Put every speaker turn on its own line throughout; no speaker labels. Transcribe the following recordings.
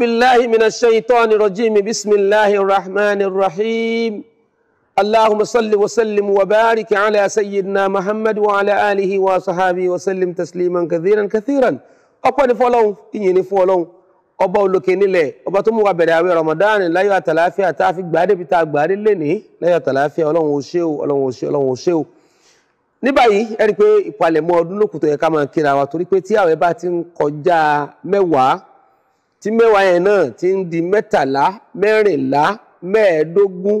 بالله من الشيطان الرجيم بسم الله الرحمن الرحيم اللهم صل وسلم وبارك على سيدنا محمد وعلى آله وصحابه وسلم تسليما كثيرا كثيرا ọpẹ́ ni fọ́lọ́hun ìyìn ni fọ́lọ́hun ọba olókè nílẹ̀ ọba tó mú wa bẹ̀rẹ̀ àwẹ̀ Ramadan láyọ̀ àtàláfíà tá a fi gbàdé bí tá a gbàdé lẹ́nìí láyọ̀ àtàláfíà ọlọ́run ò ṣé o ọlọ́run ò ṣé o ò ṣé o. ní báyìí ẹ rí i pé ìpalẹ̀mọ́ ọdún lókùtò yẹ ká máa kíra wa torí pé tí àwẹ̀ bá ti ń kọjá mẹ́wàá tí mẹ́wàá yẹn náà ti ń di mẹ́tàlá mẹ́rìnlá mẹ́ẹ̀ẹ́dógún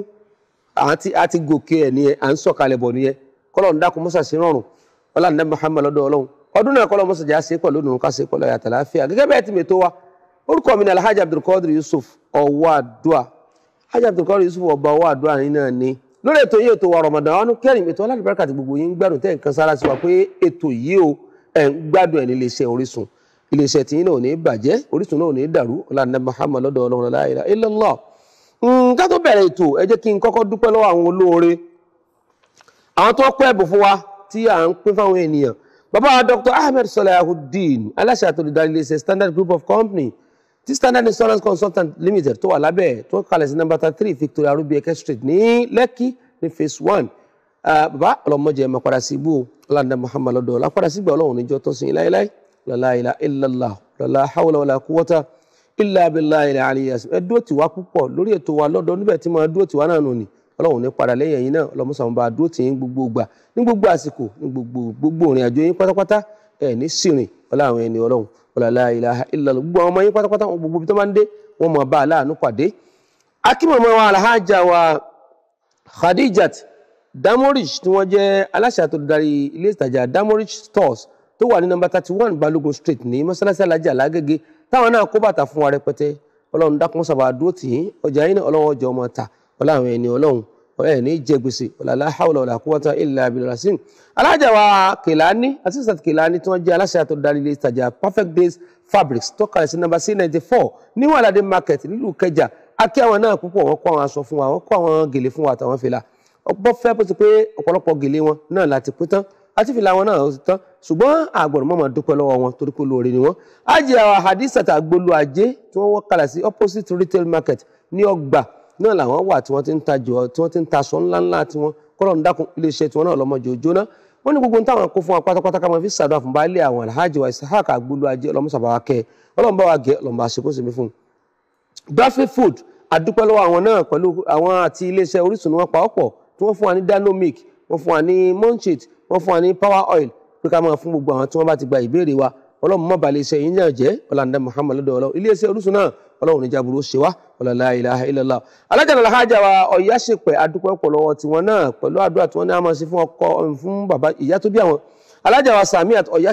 àti àti gòkè ẹ̀ nìyẹn à ń sọ̀kalẹ̀ bọ̀ nìyẹn kọ́lọ̀ ń dákun mọ́sà sí rọrùn ọlọ́ọ̀dá Muhammad lọ́dọ̀ ọlọ́run ọdún náà kọ́lọ̀ mọ́sà jà sí pẹ̀lú ònà ká sí pẹ̀lú àyàtà láàfíà gẹ́gẹ́ bẹ́ẹ̀ ti mètò wa orúkọ mi ni Alhaji Abdulkadir Yusuf Ọwọ́adúà Alhaji Abdulkadir Yusuf ọba Ọwọ́adúà yìí ni lórí ètò yìí ètò wa Ramadan Kareem ètò alábẹ́rẹ́ kàti gbogbo yín gbádùn tẹ́ nǹkan sára sí wa pé ètò yìí iléeṣẹ́ tìyín náà ò ní bàjẹ́ orísun náà ò ní dàrú ọlànà Muhammad lọ́dọ̀ ọlọ́run la ilaha illallah hmm, ká tó bẹ̀rẹ̀ ètò ẹ jẹ́ kí n kọ́kọ́ dúpẹ́ lọ́wọ́ àwọn olóore àwọn tó pẹ́ bù fún wa tí à ń pín fáwọn ènìyàn bàbá Dr Ahmed Salahuddin aláṣẹ àtòlùdarí iléeṣẹ́ Standard Group of Company ti Standard Insurance Consultant Limited tó wà lábẹ́ tó kalẹ̀ sí number three Victoria Rubieke Street ní Lẹ́kì ní phase one ah, bàbá ọlọmọdé ẹ̀ máa padà sí ibú ọlànà Muhammad lọ́dọ̀ ọlá padà sí ìgbà ọlọ́run níjọ́ tó sin láéláé la ilaha illallah la hawla wala quwwata illa billahi aliyil azim ẹ dúró tì wá púpọ̀ lórí ètò wa lọ́dọ̀ níbẹ̀ tí mo dúró tì wá náà nù ni ọlọ́run ní padà lẹ́yìn ẹ̀yìn náà ọlọ́mọsàn bá dúró tì yín gbogbo gbà ní gbogbo àsìkò ní gbogbo gbogbo ìrìn àjò yín pátápátá ẹ̀ ní sìrìn ọlá àwọn ẹni ọlọ́run la ilaha illallah gbogbo àwọn ọmọ yín pátápátá wọn gbogbo ibi máa ń dé wọn mọ̀ bá aláàánú pàdé. akímọ̀mọ́ wa stores tó wà ní nọ́mbà thirty one balógun street ní mọ́sálásí alájì alágége táwọn náà kó bàtà fún wa rẹpẹtẹ ọlọ́run dákun sábà dúró tì yín ọjà yín náà ọlọ́run ọjọ́ ọmọ ta ọlá àwọn ẹni ọlọ́run ẹ ní jẹ gbèsè ọ̀làlá haúlà ọ̀là kúwọ́tà ilẹ̀ abilrasim alájà wa kìláni asisat kìláni tí wọ́n jẹ́ aláṣẹ àtọ́ dalilé ìtajà perfect days fabrics tó kalẹ̀ sí nọ́mbà c ninety four ní wàládé market nílùú kẹjà akí àwọn náà púpọ̀ wọ́n kó àwọn aṣọ fún wa wọ́n kó àwọn gèlè fún wa àtàwọn fìlà ọ̀pọ̀ fẹ́ pé ọ̀pọ̀lọpọ̀ gèlè wọn náà láti pín tán àti fìlà wọn náà ó ti tán ṣùgbọ́n àgbọ̀n mọ́mọ́ dúpẹ́ lọ́wọ́ wọn torí kó lóore ni wọ́n. ajé àwọn àdìsàtà gbolu ajé tí wọ́n wọ́n kalẹ̀ sí opposite retail market ní ọgbà náà làwọn wà tí wọ́n ti ń ta jọ tí wọ́n ti ń ta aṣọ ńláńlá tí wọ́n kọ́lọ̀ ń dákun iléeṣẹ́ tí wọ́n náà lọ́mọ jò jóná wọ́n ní gbogbo táwọn kó fún wa pátápátá ká máa fi ṣàdúrà fún àwọn alhaji wa food adúpẹ́ lọ́wọ́ àwọn náà pẹ̀lú àwọn àti iléeṣẹ́ Orísun ni wọ́n pa ọ̀pọ̀ Munchit wọ́n fún wa ní power oil pé ká máa fún gbogbo àwọn tí wọ́n bá ti gba ìbéèrè wa ọlọ́run mọ̀ balẹ̀ iṣẹ́ yìí náà jẹ́ ọ̀làǹda muhammed lọ́dọ̀ ọlọ́run ilé iṣẹ́ orísun náà ọlọ́run níjà burú ṣe wá ọ̀làlá ilaha illallah alájà náà làhájà wa ọ̀yá ṣèpẹ̀ adúpẹ́ pọ̀ lọ́wọ́ tiwọn náà pẹ̀lú àdúrà tí wọ́n ní a máa ṣe fún ọkọ um, fún bàbá ìyá tó bí àwọn alájà wa sami àti ọ̀yá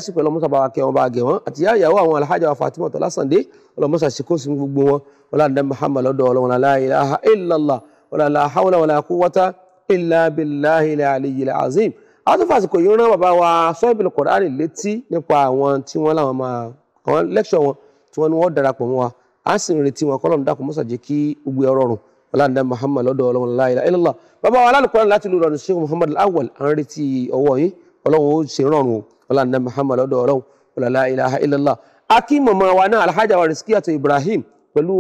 wa kẹ́ wa fatima tọ́lá sàndé ọlọ́mọ́sà ṣe kó sí gbogbo wọn ọlọ́dà muhammed ilaha illallah wala hawla wala quwwata illa billahi al-aliyyil azim àwọn tó fàsìkò rán bàbá wa sọ́ọ̀bìlì kọ̀dárì létí nípa àwọn tí wọ́n láwọn máa àwọn lẹ́kṣọ̀ wọn tí wọ́n ní wọ́n darapọ̀ mọ́ wa á sì ń retí wọn kọ́lọ́run dákun mọ́sà jẹ́ kí gbogbo ẹ̀rọ rùn ọ̀làǹdà Muhammad lọ́dọ̀ ọlọ́run la ilaha illallah bàbá wa alálùkọ́ láti lu ìrọ̀rùn Sheikh Muhammad Awwal à ń retí ọwọ́ yín ọlọ́run ó ṣe rọrùn o ọ̀làǹdà Muhammad lọ́dọ̀ ọlọ́run la ilaha illallah akí mọ̀mọ́ alhaja wa Rizkiyatu Ibrahim pẹ̀lú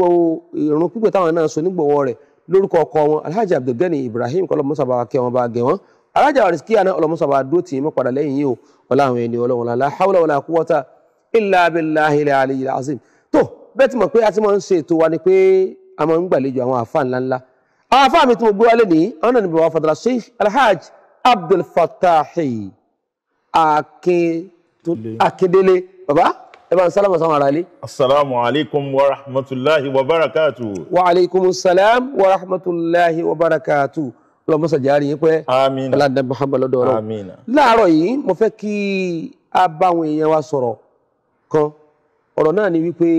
ìrun pípẹ́ táwọn náà so nígbọ̀wọ́ rẹ̀ lórúkọ ọkọ wọn Ibrahim kọ́lọ́ mọ́sàbà kẹ́ wọn alájà wa rìsíkì àná ọlọmọsọ bá dúró tì í mọ padà lẹ́yìn yìí o wọn làwọn ẹni Ọlọ́run la hawla wala quwwata illa billahi al-ali al-azim tó bẹ́ẹ̀ ti mọ̀ pé a ti máa ń ṣe ètò wa ni pé a máa ń gbàlejò àwọn àfa ńláńlá àwọn àfa mi tí mo gbé wálé ní àwọn náà ní bàbá fadala sheikh alhaj abdul akindele bàbá ẹ bá ń sálámà sáwọn ará ilé. asalaamu alaykum wa rahmatulahi wa barakatu. wa alaykum salaam wa rahmatulahi wa barakatu lọ́mọ́sà járí yín pẹ́ aládé Muhammad lọ́dọ̀ ọ̀rọ̀ láàárọ̀ yìí mo fẹ́ kí a bá àwọn èèyàn wa sọ̀rọ̀ kan ọ̀rọ̀ náà ni wípé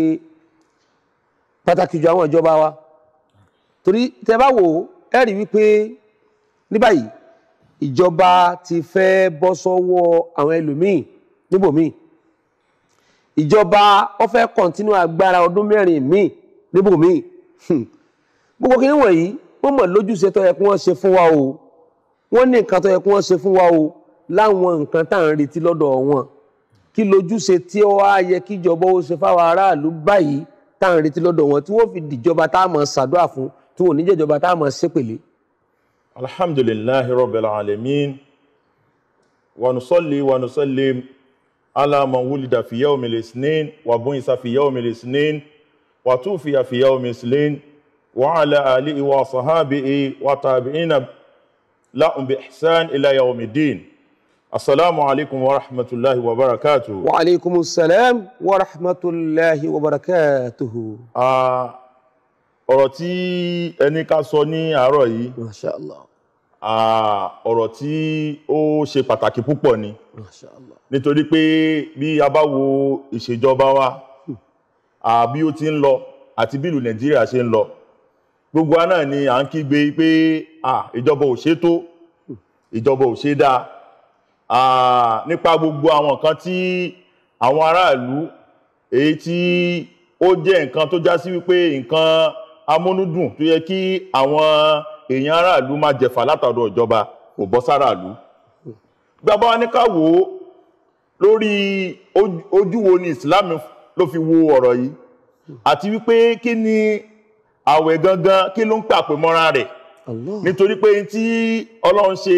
pàtàkì ju àwọn ìjọba wa torí tẹ bá wò ẹ rí wípé ní báyìí ìjọba ti fẹ́ bọ́ sọ́wọ́ àwọn ẹlòmíì níbòmíì ìjọba ó fẹ́ kọ̀ntínú agbára ọdún mẹ́rin míì níbòmíì gbogbo kí ni wọ̀nyí wọ́n mọ̀ lójúṣe tó yẹ kí wọ́n ṣe fún wa o wọ́n ní nǹkan tó yẹ kí wọ́n ṣe fún wa o láwọn nǹkan tá à ń retí lọ́dọ̀ wọn kí lójúṣe tí ó wá yẹ kí ìjọba ó ṣe fáwọn aráàlú báyìí tá à ń retí lọ́dọ̀ wọn tí wọ́n fi dìjọba tá a mọ̀ ṣàdúrà fún tí wọ́n níjẹ̀jọba tá a mọ̀ ṣépèlé.
alhamdulillahi rabbil alamin wa nusalli wa wulida fi yawmil isnin wa bu'isa fi yawmil isnin وعلى آله وصحابه وتابعين لهم بإحسان إلى يوم الدين السلام عليكم ورحمة الله وبركاته وعليكم السلام ورحمة الله وبركاته ọ̀rọ̀ tí ẹni ká sọ ní àárọ̀ yìí Masha Allah ọ̀rọ̀ tí ó ṣe pàtàkì púpọ̀ ni Masha Allah nítorí pé bí a bá wo ìṣèjọba wa hmm. bí ó ti ń lọ àti bí ìlú Nàìjíríà ṣe ń lọ gbogbo wa ni à ń kígbe pé ìjọba ò ṣe tó ìjọba ò ṣe dáa nípa gbogbo àwọn nǹkan tí àwọn aráàlú èyí tí ó jẹ́ nǹkan tó já sí wípé nǹkan amúnúdùn tó yẹ kí àwọn èèyàn aráàlú máa jẹ̀fà látọ̀dọ̀ ìjọba kò bọ́ sáràlú gbàgbọ́ wa lórí ojú wo ni Islam ló fi wo ọ̀rọ̀ yìí àti wípé kí ni àwẹ̀ gangan kí ló ń pàpè mọ́ra rẹ̀ nítorí pé tí ọlọ́run ṣe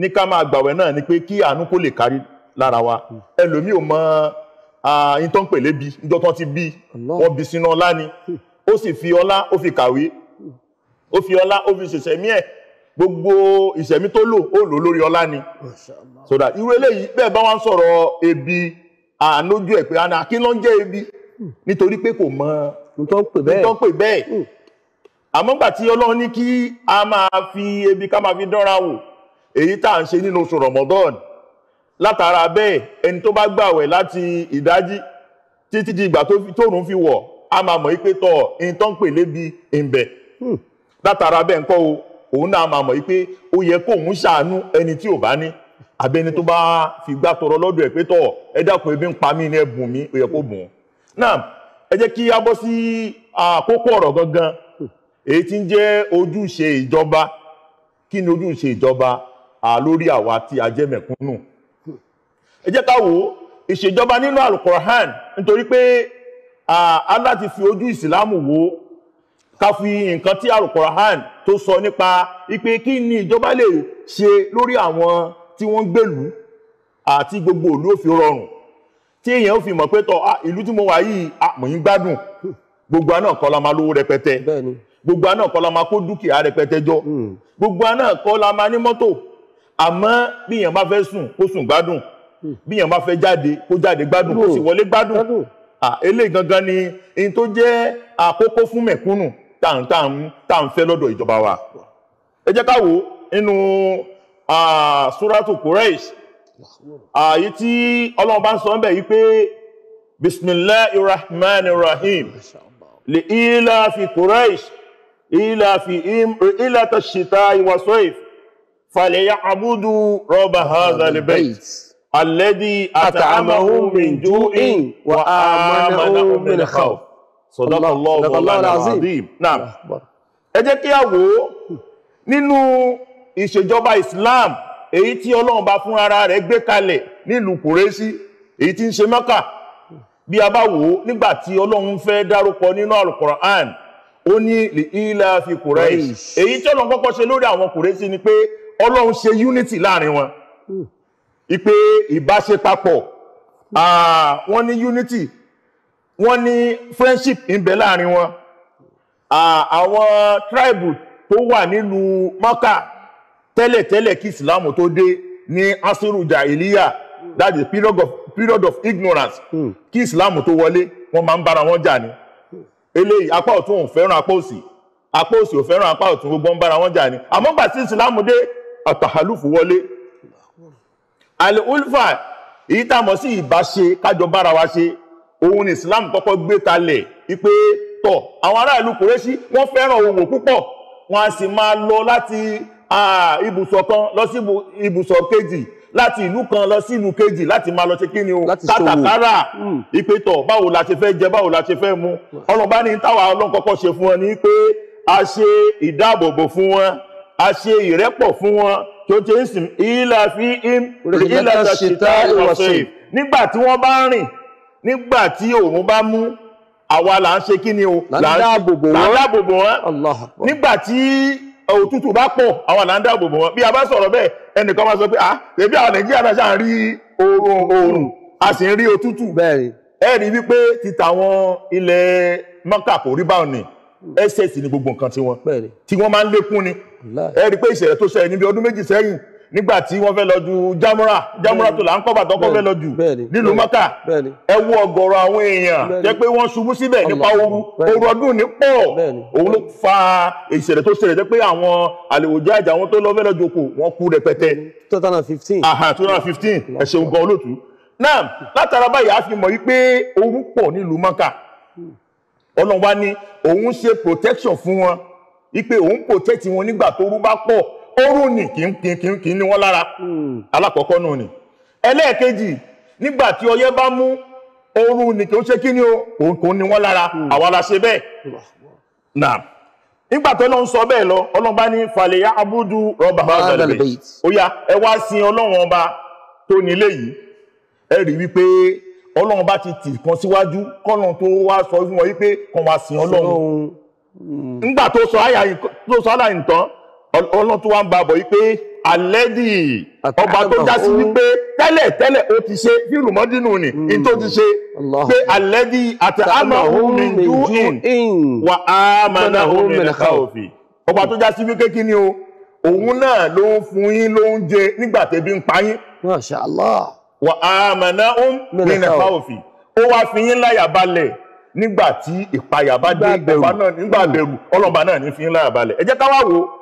ní ká máa gbàwẹ̀ náà ni pé kí àánú kó lè kárí lára wa ẹlòmíì ò mọ ààyìn tó ń pè lébi níjọ́ tó ti bí wọ́n bí sínú ọlá ni ó sì fi ọlá ó fi kàwé ó fi ọlá ó fi ṣèṣẹ̀mí ẹ̀ gbogbo ìṣẹ̀mí tó lò ó lò lórí ọlá ni so irú eléyìí bẹ́ẹ̀ bá wá ń sọ̀rọ̀ ebi àánójú ẹ̀ pé àná kí ń jẹ́ ebi hmm. nítorí pé kò mọ nítorí pè bẹ́ẹ̀ nítorí pè bẹ́ẹ̀ àmọ́ gbà tí ọlọ́run ní kí a máa fi ebi ká máa fi dánra wò èyí tá à ń ṣe nínú oṣù Ramadan látara bẹ́ẹ̀ ẹni tó bá gbàwẹ̀ láti ìdájí títí di ìgbà tóòrùn fi wọ̀ a máa mọ̀ pé tọ̀ ẹni tó ń pè lébi ìbẹ̀ hmm. látara bẹ́ẹ̀ ń kọ́ o òun náà máa mọ̀ pé ó yẹ kóun ṣàánú ẹni tí ò bá ní àbí ẹni tó bá fi gbá tọrọ lọ́dọ̀ ẹ̀ pé tọ̀ ẹ dákun ebi ń pa mí ní ẹ̀bùn mi ó yẹ kó bùn náà ẹ jẹ́ kí a bọ́ sí àkókò ọ̀rọ̀ gangan èyí tí ń jẹ́ ojúṣe ìjọba kí ni ojúṣe ìjọba lórí àwa tí a jẹ́ mẹ̀kúnnù ẹ jẹ́ ká wò ìṣèjọba nínú alukoran nítorí pé Allah ti fi ojú ìsìlámù wò ká fi nǹkan tí alukoran tó sọ nípa ipe kí ni ìjọba lè ṣe lórí àwọn tí wọ́n gbèlú àti gbogbo ìlú ó rọrùn tí èèyàn ó fi mọ̀ pé tọ́ ah, ìlú tí mo wà yìí ah, mò ń gbádùn gbogbo àná kọ́ la máa lówó rẹpẹtẹ gbogbo àná kọ́ la máa kó dúkìá rẹpẹtẹ jọ hmm. gbogbo àná kọ́ la máa ní mọ́tò àmọ́ bí èèyàn bá fẹ́ sùn kó sùn gbádùn hmm. bí èèyàn bá fẹ́ jáde kó jáde gbádùn kó sì hmm. wọlé gbádùn eléyìí gangan ni in tó jẹ́ àkókò fún mẹ̀kúnnù tá à fẹ́ lọ́dọ̀ ìjọba wa ẹ jẹ́ ká wò nínú Suratu Quraish ààyè tí ọlọ́run bá ń sọ ń bẹ̀ yí pé bismillahir rahmanir rahim li ila fi quraish ila fi ila tashita wa sayf falyabudu rabb hadha albayt alladhi at'amahum min ju'in wa amanahum min khawf sadaqallahu alazim naam ẹ jẹ́ kí a wò nínú ìṣèjọba islam èyí tí ọlọ́run bá fún ara rẹ̀ gbé kalẹ̀ nílùú kùrẹ́sí èyí tí ń ṣe mọ́kà bí a bá wò ó nígbà tí ọlọ́run fẹ́ dárúkọ nínú alukoran ó ní ilà fi kùrẹ́sì èyí tí ọlọ́run kọ́kọ́ ṣe lórí àwọn kùrẹ́sí ni pé ọlọ́run ṣe unity láàrin wọn ipe ìbáṣe papọ̀ wọ́n ní unity wọ́n ní friendship ń bẹ láàrin wọn àwọn tribe tó wà nílùú mọ́kà tẹ́lẹ̀tẹ́lẹ̀ kí islam tó dé ní asiru jahiliya hmm. that is period of period of ignorance hmm. kí islam tó wọlé wọ́n máa ń bára wọn jà ni hmm. eléyìí apá ọ̀tún ò fẹ́ràn apá òsì apá òsì ò fẹ́ràn apá ọ̀tún gbogbo ń bára wọn jà ni àmọ́ gbà sí islam dé àtàhálùfù wọlé al-ulfa èyí tá a mọ̀ sí ìbáṣe kájọ bára wa ṣe òun ni islam kọ́kọ́ gbé talẹ̀ wípé tọ̀ àwọn ará ìlú kùrẹ́ṣí wọ́n fẹ́ràn òwò púpọ̀ wọ́n á sì máa lọ láti ibùsọ̀ kan lọ sí ibùsọ̀ kejì láti ìlú kan lọ sí ìlú kejì láti máa lọ ṣe kí ni o kátàkárà hmm. ìpètọ̀ báwo la ṣe fẹ́ jẹ báwo la ṣe fẹ́ mu ọlọ́ba ní táwa ọlọ́run kọ́kọ́ ṣe fún wọn ni pé a ṣe ìdáàbòbò fún wọn a ṣe ìrẹ́pọ̀ fún wọn tó ṣe ń sìn ìlà fi im ìlà ṣètà ìwọ̀sẹ̀ nígbà tí wọ́n bá ń rìn nígbà tí òun bá mú àwa là ń ṣe kí ni o là ń dáàbòbò wọn nígbà tí òtútù bá pọ̀ àwọn àlàndà òbòbò wọn bí a bá sọ̀rọ̀ bẹ́ẹ̀ ẹnìkan máa sọ pé ah èbí àwọn nàìjíríà náà ṣáà ń rí oòrùn a sì ń rí òtútù ẹ rí wípé títa wọn ilẹ̀ mọ́kà kò rí báwọn ni ẹsẹ̀ sì ni gbogbo nǹkan tiwọn tí wọ́n máa ń lékún ni ẹ rí pé ìṣẹ̀lẹ̀ tó ṣẹlẹ̀ níbi ọdún méjì sẹ́yìn nígbà tí wọ́n fẹ́ lọ ju jámúrà jámúrà tó là ń kọ́ bàtọ́ kọ́ fẹ́ lọ jù nílùú mọ́kà ẹ wo ọ̀gọ̀rọ̀ àwọn èèyàn jẹ́ pé wọ́n ṣubú síbẹ̀ nípa ooru ooru ọdún ní pọ̀ òun ló fa ìṣẹ̀lẹ̀ tó ṣẹlẹ̀ jẹ́ pé àwọn àlèwòjẹ́ àjà wọn tó lọ fẹ́ lọ jòkó wọn kú rẹpẹtẹ. two thousand fifteen. aha two thousand fifteen ẹ ṣeun gan olóòtú náà látara báyìí a fi mọ̀ wípé ooru pọ̀ nílùú mọ́kà ọlọ́run wá ní òun ṣe protection fún wọn wípé òun protect wọn nígbà tó rú bá pọ̀ oru ni kì í ní ni hmm. nígbà tí bá mú oru ni kì í ṣe o ní lára hmm. àwa la ṣe na. sọ bẹ́ẹ̀ lọ ọlọ́run bá ní ẹ wá sin ọlọ́run ọba yìí ẹ wípé ọlọ́run bá ti tì kan síwájú tó wá sọ wọn wípé wá sin ọlọ́run hmm. tó ọlọ́run tó wá ń ba bọ̀ yìí pé alẹ́dì ọba tó já sí wípé tẹ́lẹ̀ tẹ́lẹ̀ ó ti ṣe bí ni hmm. ní tó ti ṣe pé alẹ́dì àti amahun min ju'in wa amanahum min khawfi ọba tó já sí wípé kí ni o òun náà ló ń fún yín lóúnjẹ nígbà tẹ́bí ń pa yín. Masha Allah. wa amanahum min khawfi ó wá fi yín láyà balẹ̀ nígbà tí ìpayà bá dé ìgbà náà nígbà bẹ̀rù ọlọ́ba náà ní fi yín láyà balẹ̀ ẹ ká wá wò ó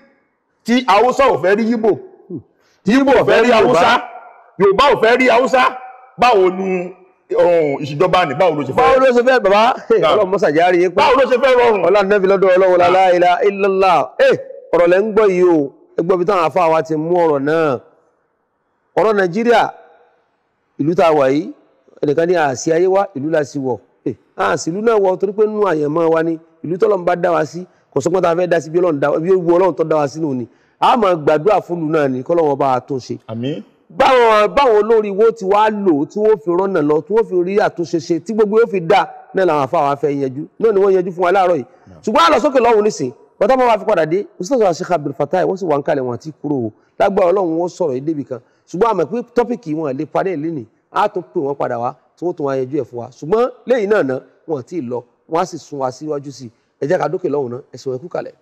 tí haúsá ò fẹ́ rí yíbò yíbò ò fẹ́ rí haúsá yorùbá ò fẹ́ rí haúsá báwo ni eh, ìṣèjọba ni báwo ló ṣe fẹ́. báwo ló ṣe fẹ́
bàbá ọlọ́run mọ́sàjáre yín pé báwo ló ṣe fẹ́ rọrùn. ọlá nẹ́bí lọ́dọ̀ ọlọ́run lálá ilá ilọ́lá ọ̀rọ̀ lẹ́ ń gbọ́ yìí o ẹ gbọ́ bí táwọn afá wa ti mú ọ̀rọ̀ náà ọ̀rọ̀ nàìjíríà ìlú tá a wà yìí ẹnìkan ní àṣì ayé wa ìlú la sì wọ̀ eh, àṣìlú náà wọ torí pé nínú àyẹ̀mọ́ wa ni ìlú tọ́lọ́run bá dá wa sí kò sọ́pọ́n tá a fẹ́ dá sí bí ọlọ́run tó dá wa sínú ni a máa gbàdúrà fúnlu náà ni kọ́lọ́wọ́n bá a tó ṣe. báwọn báwọn olórí wo ti wá lò tí wọ́n fi rọ́nà lọ tí wọ́n fi rí àtúnṣe ṣe tí gbogbo yóò fi dá náà làwọn afá wa fẹ́ yanjú náà ni wọ́n yanjú fún wa láàárọ̀ yìí ṣùgbọ́n àlọ́ sókè lọ́hùn nísìn bàtà máa fi padà dé ustaz Sheikh Abdul Fatai wọ́n sì wà wa ṣùgbọ́n lẹ́yìn náà náà wọn àti lọ wọn á sì sún wa ẹ jẹ́ ká dókè lọ́hùn náà ẹ sọ ẹ kú kalẹ̀.